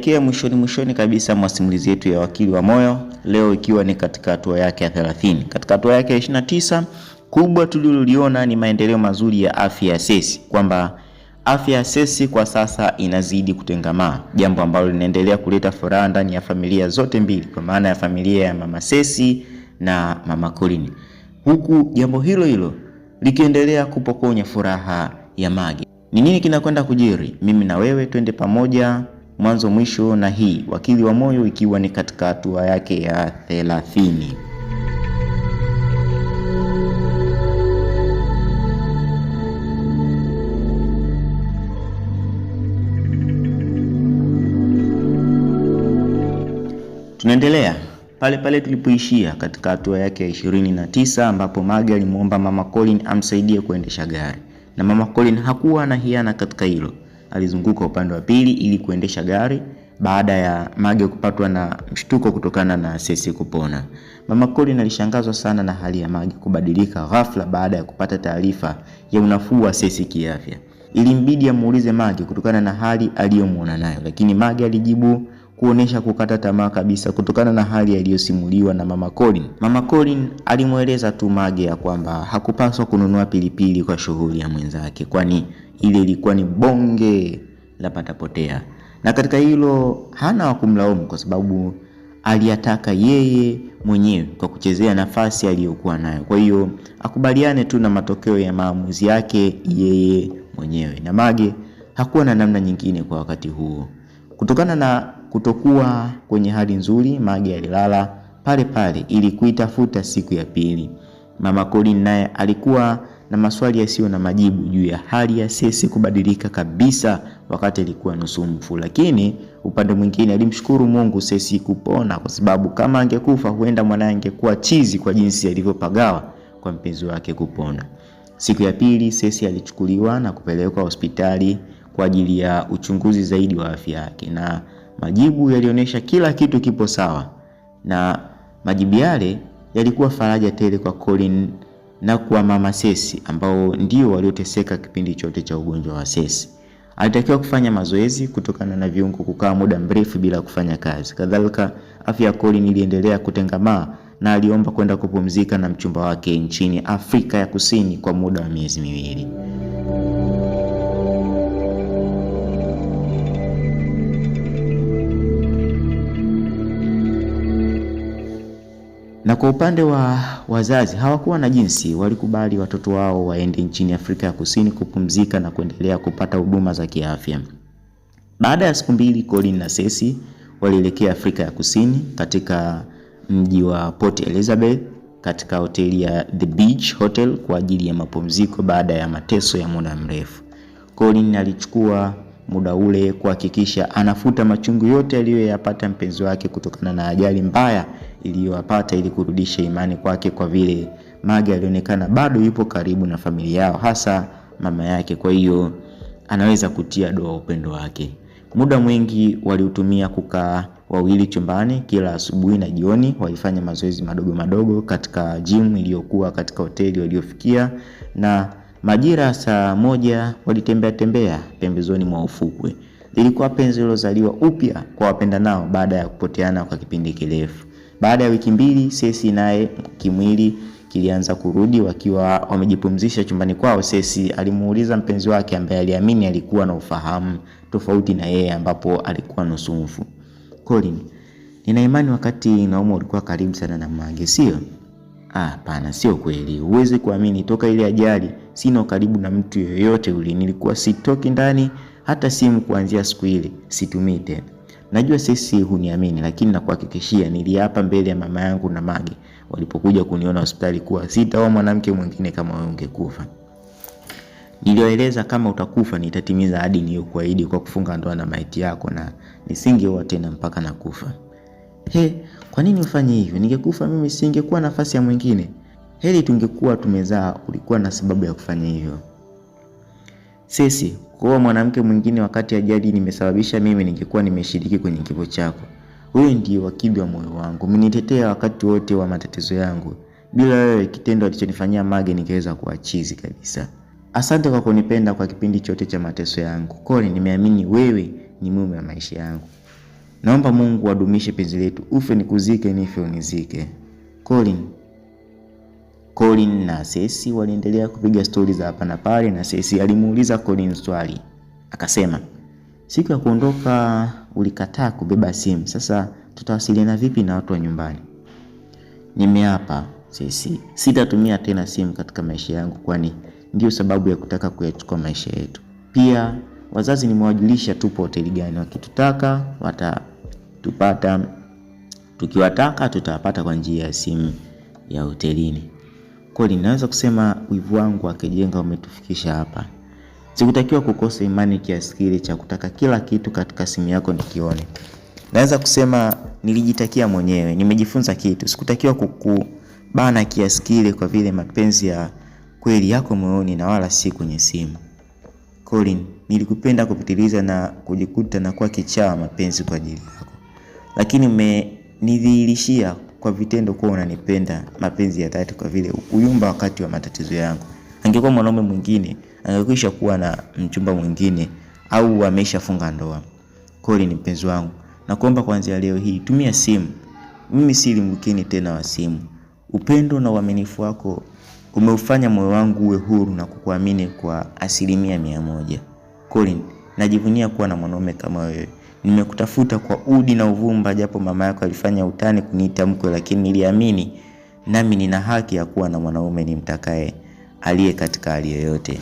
Tunaelekea mwishoni mwishoni kabisa mwa simulizi yetu ya Wakili wa Moyo, leo ikiwa ni katika hatua yake ya 30. Katika hatua yake ya 29, kubwa tuliloliona ni maendeleo mazuri ya afya ya Cecy, kwamba afya ya Cecy kwa sasa inazidi kutengamaa, jambo ambalo linaendelea kuleta furaha ndani ya familia zote mbili, kwa maana ya familia ya mama Cecy na mama Colin, huku jambo hilo hilo likiendelea kupokonya furaha ya Mage. Ni nini kinakwenda kujiri? Mimi na wewe twende pamoja mwanzo mwisho na hii Wakili wa Moyo ikiwa ni katika hatua yake ya thelathini. Tunaendelea pale pale tulipoishia katika hatua yake ya ishirini na tisa ambapo Mage alimwomba Mama Colin amsaidie kuendesha gari na Mama Colin hakuwa na hiana katika hilo alizunguka upande wa pili ili kuendesha gari baada ya Mage kupatwa na mshtuko kutokana na sesi kupona. Mama Colin alishangazwa sana na hali ya Mage kubadilika ghafla baada ya kupata taarifa ya unafuu wa sesi kiafya. Ilimbidi amuulize Mage kutokana na hali aliyomwona nayo, lakini Mage alijibu kuonesha kukata tamaa kabisa kutokana na hali aliyosimuliwa na mama Colin. Mama Colin alimweleza tu Mage ya kwamba hakupaswa kununua pilipili kwa shughuli ya mwenzake kwani ile ilikuwa ni bonge la patapotea, na katika hilo hana wa kumlaumu kwa sababu aliyataka yeye mwenyewe kwa kuchezea nafasi aliyokuwa nayo. Kwa hiyo akubaliane tu na matokeo ya maamuzi yake yeye mwenyewe, na Mage hakuwa na namna nyingine kwa wakati huo. Kutokana na kutokuwa kwenye hali nzuri, Mage alilala pale pale ili kuitafuta siku ya pili. Mama Colin naye alikuwa na maswali yasiyo na majibu juu ya hali ya Sesi kubadilika kabisa wakati alikuwa nusu mfu. Lakini upande mwingine alimshukuru Mungu Sesi kupona, kwa sababu kama angekufa huenda mwanaye angekuwa chizi kwa jinsi alivyopagawa kwa mpenzi wake kupona. Siku ya pili Sesi alichukuliwa na kupelekwa hospitali kwa ajili ya uchunguzi zaidi wa afya yake, na majibu yalionyesha kila kitu kipo sawa, na majibu yale yalikuwa faraja tele kwa Colin na kwa mama sesi ambao ndio walioteseka kipindi chote cha ugonjwa wa sesi. Alitakiwa kufanya mazoezi kutokana na viungo kukaa muda mrefu bila kufanya kazi. Kadhalika, afya ya Colin iliendelea kutengamaa na aliomba kwenda kupumzika na mchumba wake nchini Afrika ya Kusini kwa muda wa miezi miwili. Na kwa upande wa wazazi hawakuwa na jinsi, walikubali watoto wao waende nchini Afrika ya Kusini kupumzika na kuendelea kupata huduma za kiafya. Baada ya siku mbili, Colin na Cecy walielekea Afrika ya Kusini katika mji wa Port Elizabeth katika hoteli ya The Beach Hotel kwa ajili ya mapumziko baada ya mateso ya muda mrefu. Colin alichukua muda ule kuhakikisha anafuta machungu yote aliyoyapata mpenzi wake kutokana na ajali mbaya iliyowapata ili kurudisha imani kwake, kwa vile Mage alionekana bado yupo karibu na familia yao, hasa mama yake. Kwa hiyo anaweza kutia doa upendo wake. Muda mwingi waliutumia kukaa wawili chumbani, kila asubuhi na jioni walifanya mazoezi madogo madogo katika jimu iliyokuwa katika hoteli waliofikia na Majira saa moja walitembea tembea pembezoni mwa ufukwe. Lilikuwa penzi lilozaliwa upya kwa wapenda nao baada ya kupoteana kwa kipindi kirefu. Baada ya wiki mbili, Sesi naye kimwili kilianza kurudi. Wakiwa wamejipumzisha chumbani kwao, Sesi alimuuliza mpenzi wake ambaye aliamini alikuwa na ufahamu tofauti na yeye, ambapo alikuwa nusu mfu, Colin, nina imani wakati Nauma ulikuwa karibu sana na mage sio? Hapana, sio kweli, huwezi kuamini. Toka ile ajali sina karibu na mtu yoyote ule, nilikuwa sitoki ndani, hata simu kuanzia siku ile situmii tena. Najua sisi huniamini, lakini nakuhakikishia, niliapa mbele ya mama yangu na Mage walipokuja kuniona hospitali kuwa sitaoa mwanamke mwingine kama wewe ungekufa. Nilioeleza kama utakufa nitatimiza ahadi niliyokuahidi kwa kufunga ndoa na maiti yako, na nisingeoa tena mpaka nakufa. He, kwa nini ufanye hivyo? Ningekufa mimi singekuwa nafasi ya mwingine. Heri tungekuwa tumezaa, ulikuwa na sababu ya kufanya hivyo. Sisi kuoa mwanamke mwingine wakati ajali nimesababisha mimi, ningekuwa nimeshiriki kwenye kifo chako. Wewe ndiye wakili wa moyo wangu, umenitetea wakati wote wa matatizo yangu. Bila wewe, kitendo alichonifanyia Mage ningeweza kuwa chizi kabisa. Asante kwa kunipenda kwa kipindi chote cha mateso yangu. Kole, nimeamini wewe ni mume wa maisha yangu. Naomba Mungu adumishe penzi letu, ufe nikuzike, nife unizike. Colin Colin na Sesi waliendelea kupiga stori za hapa na pale, na Sesi alimuuliza Colin swali, akasema siku ya kuondoka ulikataa kubeba simu, sasa tutawasiliana vipi na watu wa nyumbani? Nimeapa Sesi, sitatumia tena simu katika maisha yangu, kwani ndio sababu ya kutaka kuyachukua maisha yetu. Pia wazazi nimewajulisha tupo hoteli gani, wakitutaka wata tupata tukiwataka tutawapata kwa njia ya simu ya hotelini. Kweli ninaweza kusema wivu wangu akijenga umetufikisha hapa. Sikutakiwa kukosa imani kiasi kile cha kutaka kila kitu katika simu yako nikione. Naweza kusema nilijitakia mwenyewe, nimejifunza kitu. Sikutakiwa kukubana kiasi kile, kwa vile mapenzi ya kweli yako moyoni na wala si kwenye simu. Colin, nilikupenda kupitiliza na kujikuta na kuwa kichaa mapenzi kwa ajili yako lakini umenidhihirishia kwa vitendo kuwa unanipenda, mapenzi ya dhati, kwa vile uyumba wakati wa matatizo yangu. Angekuwa mwanaume mwingine, angekwisha kuwa na mchumba mwingine au ameshafunga ndoa. Kweli ni mpenzi wangu, nakuomba kwanzia leo hii tumia simu. Mimi si mkini tena wa simu. Upendo na uaminifu wako umeufanya moyo wangu uwe huru na kukuamini kwa asilimia mia moja. Colin, najivunia kuwa na mwanaume kama wewe nimekutafuta kwa udi na uvumba, japo mama yako alifanya utani kuniita mkwe, lakini niliamini nami nina haki ya kuwa na mwanaume ni mtakae aliye katika hali yoyote.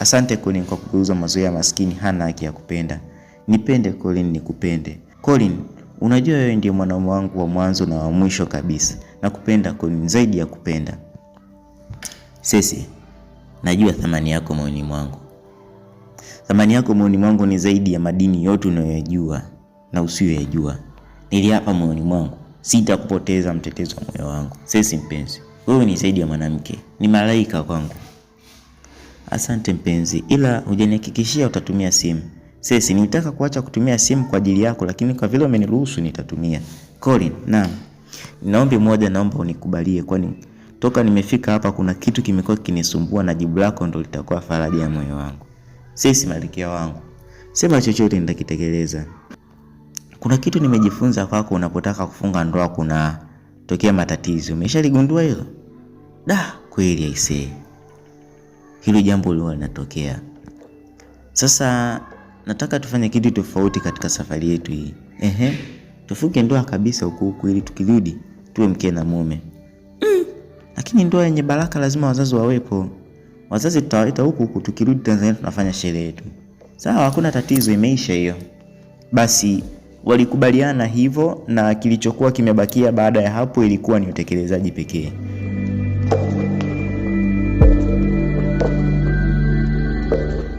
Asante Colin kwa kugeuza mazoea, maskini hana haki ya kupenda. Nipende Colin, nikupende Colin. Unajua wewe ndiye mwanaume wangu wa mwanzo na wa mwisho kabisa. Nakupenda Colin zaidi ya kupenda. sisi najua thamani yako moyoni mwangu. Thamani yako moyoni mwangu ni zaidi ya madini yote unayoyajua na usiyoyajua. Niliapa moyoni mwangu sitakupoteza mtetezo wa moyo wangu. Sesi mpenzi, wewe ni zaidi ya mwanamke, ni malaika kwangu. Asante mpenzi, ila hujanihakikishia utatumia simu. Sesi, nilitaka kuacha kutumia simu kwa ajili yako, lakini kwa vile umeniruhusu nitatumia. Colin, naam. Naombi moja, naomba unikubalie, kwani toka nimefika hapa kuna kitu kimekuwa kinisumbua na jibu lako ndo litakuwa faraja ya moyo wangu. Sisi malkia wangu, sema chochote nitakitekeleza. Kuna kitu nimejifunza kwako, unapotaka kufunga ndoa kuna tokea matatizo. Umeshaligundua hilo? Da, kweli aisee, hilo jambo liwa linatokea. Sasa nataka tufanye kitu tofauti katika safari yetu hii. Ehe, tufunge ndoa kabisa huku huku, ili tukirudi tuwe mke na mume. Mm, lakini ndoa yenye baraka lazima wazazi wawepo wazazi tutawaleta huku huku, tukirudi Tanzania tunafanya sherehe yetu. Sawa, hakuna tatizo, imeisha hiyo. Basi walikubaliana hivyo, na kilichokuwa kimebakia baada ya hapo ilikuwa ni utekelezaji pekee.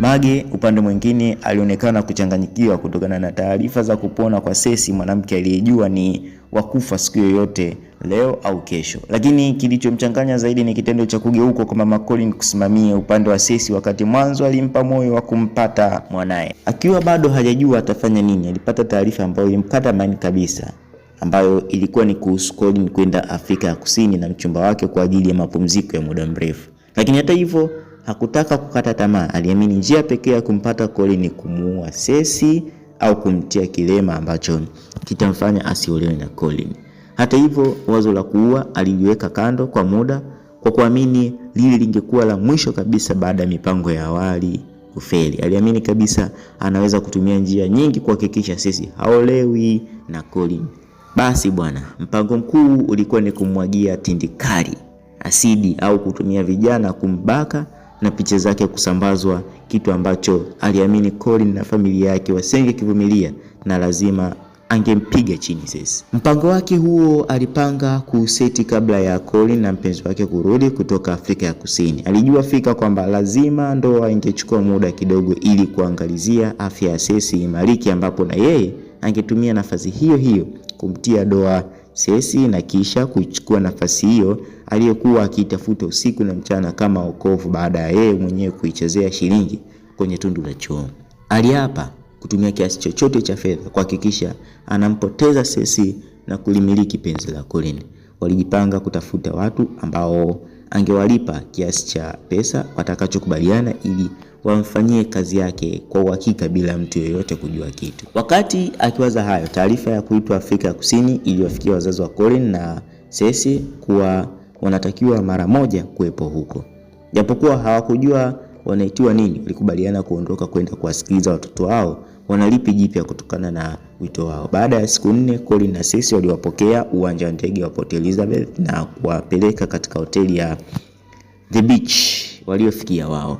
Mage upande mwingine alionekana kuchanganyikiwa kutokana na taarifa za kupona kwa sesi mwanamke aliyejua ni wakufa siku yoyote leo au kesho. Lakini kilichomchanganya zaidi ni kitendo cha kugeuka kwa mama Colin kusimamia upande wa Cecy, wakati mwanzo alimpa moyo wa kumpata mwanaye akiwa bado hajajua atafanya nini. Alipata taarifa ambayo ilimkata maini kabisa, ambayo ilikuwa ni kuhusu Colin kwenda Afrika ya Kusini na mchumba wake kwa ajili ya mapumziko ya muda mrefu. Lakini hata hivyo hakutaka kukata tamaa. Aliamini njia pekee ya kumpata Colin ni kumuua Cecy au kumtia kilema ambacho kitamfanya asiolewe na Colin. Hata hivyo, wazo la kuua aliliweka kando kwa muda kwa kuamini lile lingekuwa la mwisho kabisa baada ya mipango ya awali kufeli. Aliamini kabisa anaweza kutumia njia nyingi kuhakikisha sisi haolewi na Colin. Basi bwana, mpango mkuu ulikuwa ni kumwagia tindikali asidi au kutumia vijana kumbaka na picha zake kusambazwa, kitu ambacho aliamini Colin na familia yake wasingekivumilia na lazima angempiga chini sisi. Mpango wake huo alipanga kuuseti kabla ya Colin na mpenzi wake kurudi kutoka Afrika ya Kusini. Alijua fika kwamba lazima ndoa ingechukua muda kidogo, ili kuangalizia afya ya Cecy imariki, ambapo na yeye angetumia nafasi hiyo hiyo kumtia doa Cecy na kisha kuchukua nafasi hiyo aliyokuwa akiitafuta usiku na mchana kama wokovu, baada ya yeye mwenyewe kuichezea shilingi kwenye tundu la choo. Aliapa kutumia kiasi chochote cha fedha kuhakikisha anampoteza Cecy na kulimiliki penzi la Colin. Walijipanga kutafuta watu ambao angewalipa kiasi cha pesa watakachokubaliana ili wamfanyie kazi yake kwa uhakika bila mtu yeyote kujua kitu. Wakati akiwaza hayo, taarifa ya kuitwa Afrika ya Kusini iliwafikia wazazi wa Colin na Cecy kuwa wanatakiwa mara moja kuwepo huko, japokuwa hawakujua wanaitiwa nini, walikubaliana kuondoka kwenda kuwasikiliza watoto wao wanalipi jipya kutokana na wito wao. Baada ya siku nne, Colin na Cecy waliwapokea uwanja wa ndege wa Port Elizabeth na kuwapeleka katika hoteli ya The Beach waliofikia wao.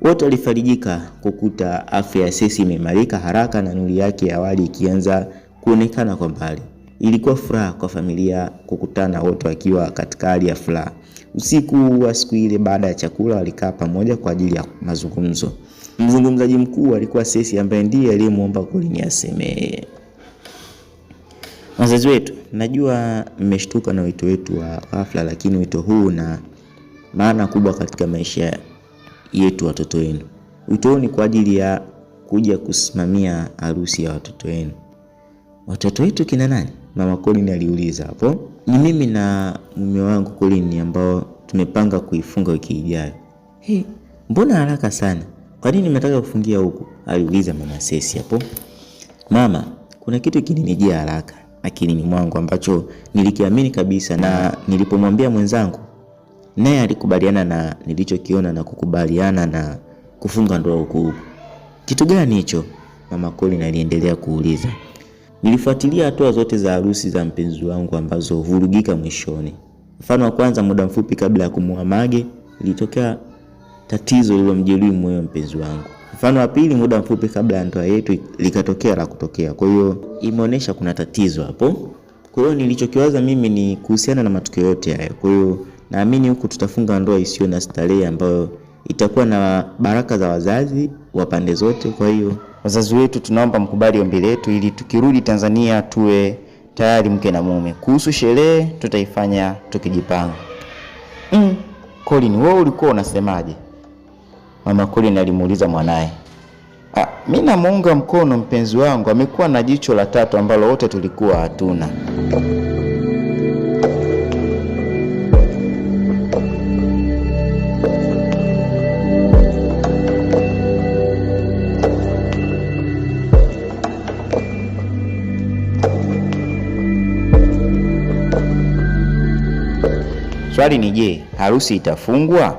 Wote walifarijika kukuta afya ya Cecy imeimarika haraka na nuru yake ya awali ikianza kuonekana kwa mbali. Ilikuwa furaha kwa familia kukutana wote wakiwa katika hali ya furaha. Usiku wa siku ile, baada ya chakula, walikaa pamoja kwa ajili ya mazungumzo. Mzungumzaji mkuu alikuwa Sesi, ambaye ndiye aliyemwomba Golini asemee Wazazi wetu, najua mmeshtuka na wito wetu wa ghafla, lakini wito huu na maana kubwa katika maisha yetu watoto wenu. Wito huu ni kwa ajili ya kuja kusimamia harusi ya watoto wenu. Watoto wetu kina nani? Mama Colin aliuliza hapo. Ni mimi na mume wangu Colin ambao tumepanga kuifunga wiki ijayo. Hey, mbona haraka sana? Kwa nini nimetaka kufungia huku? aliuliza mama Sesi hapo. Mama, kuna kitu kilinijia haraka akilini mwangu ambacho nilikiamini kabisa, na nilipomwambia mwenzangu naye alikubaliana na nilichokiona na kukubaliana na kufunga ndoa huku. Kitu gani hicho? Mama Colin aliendelea kuuliza. Nilifuatilia hatua zote za harusi za mpenzi wangu ambazo huvurugika mwishoni. Mfano wa kwanza, muda mfupi kabla ya kumuoa Mage, ilitokea tatizo lilomjeruhi moyo mpenzi wangu. Mfano wa pili, muda mfupi kabla ya ndoa yetu likatokea la kutokea. Kwa hiyo imeonyesha kuna tatizo hapo. Kwa hiyo nilichokiwaza mimi ni kuhusiana na matukio yote hayo. Kwa hiyo naamini huku tutafunga ndoa isiyo na starehe ambayo itakuwa na baraka za wazazi wa pande zote. Kwa hiyo Wazazi wetu, tunaomba mkubali ombi letu ili tukirudi Tanzania tuwe tayari mke na mume. Kuhusu sherehe, tutaifanya tukijipanga. Mm, Colin, wewe ulikuwa unasemaje? Mama Colin alimuuliza mwanaye. Ah, mimi namuunga mkono mpenzi wangu, amekuwa na jicho la tatu ambalo wote tulikuwa hatuna. Swali ni je, harusi itafungwa?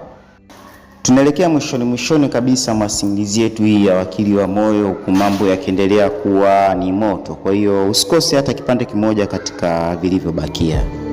Tunaelekea mwishoni mwishoni kabisa mwa simulizi yetu hii ya Wakili wa Moyo, huku mambo yakiendelea kuwa ni moto. Kwa hiyo usikose hata kipande kimoja katika vilivyobakia.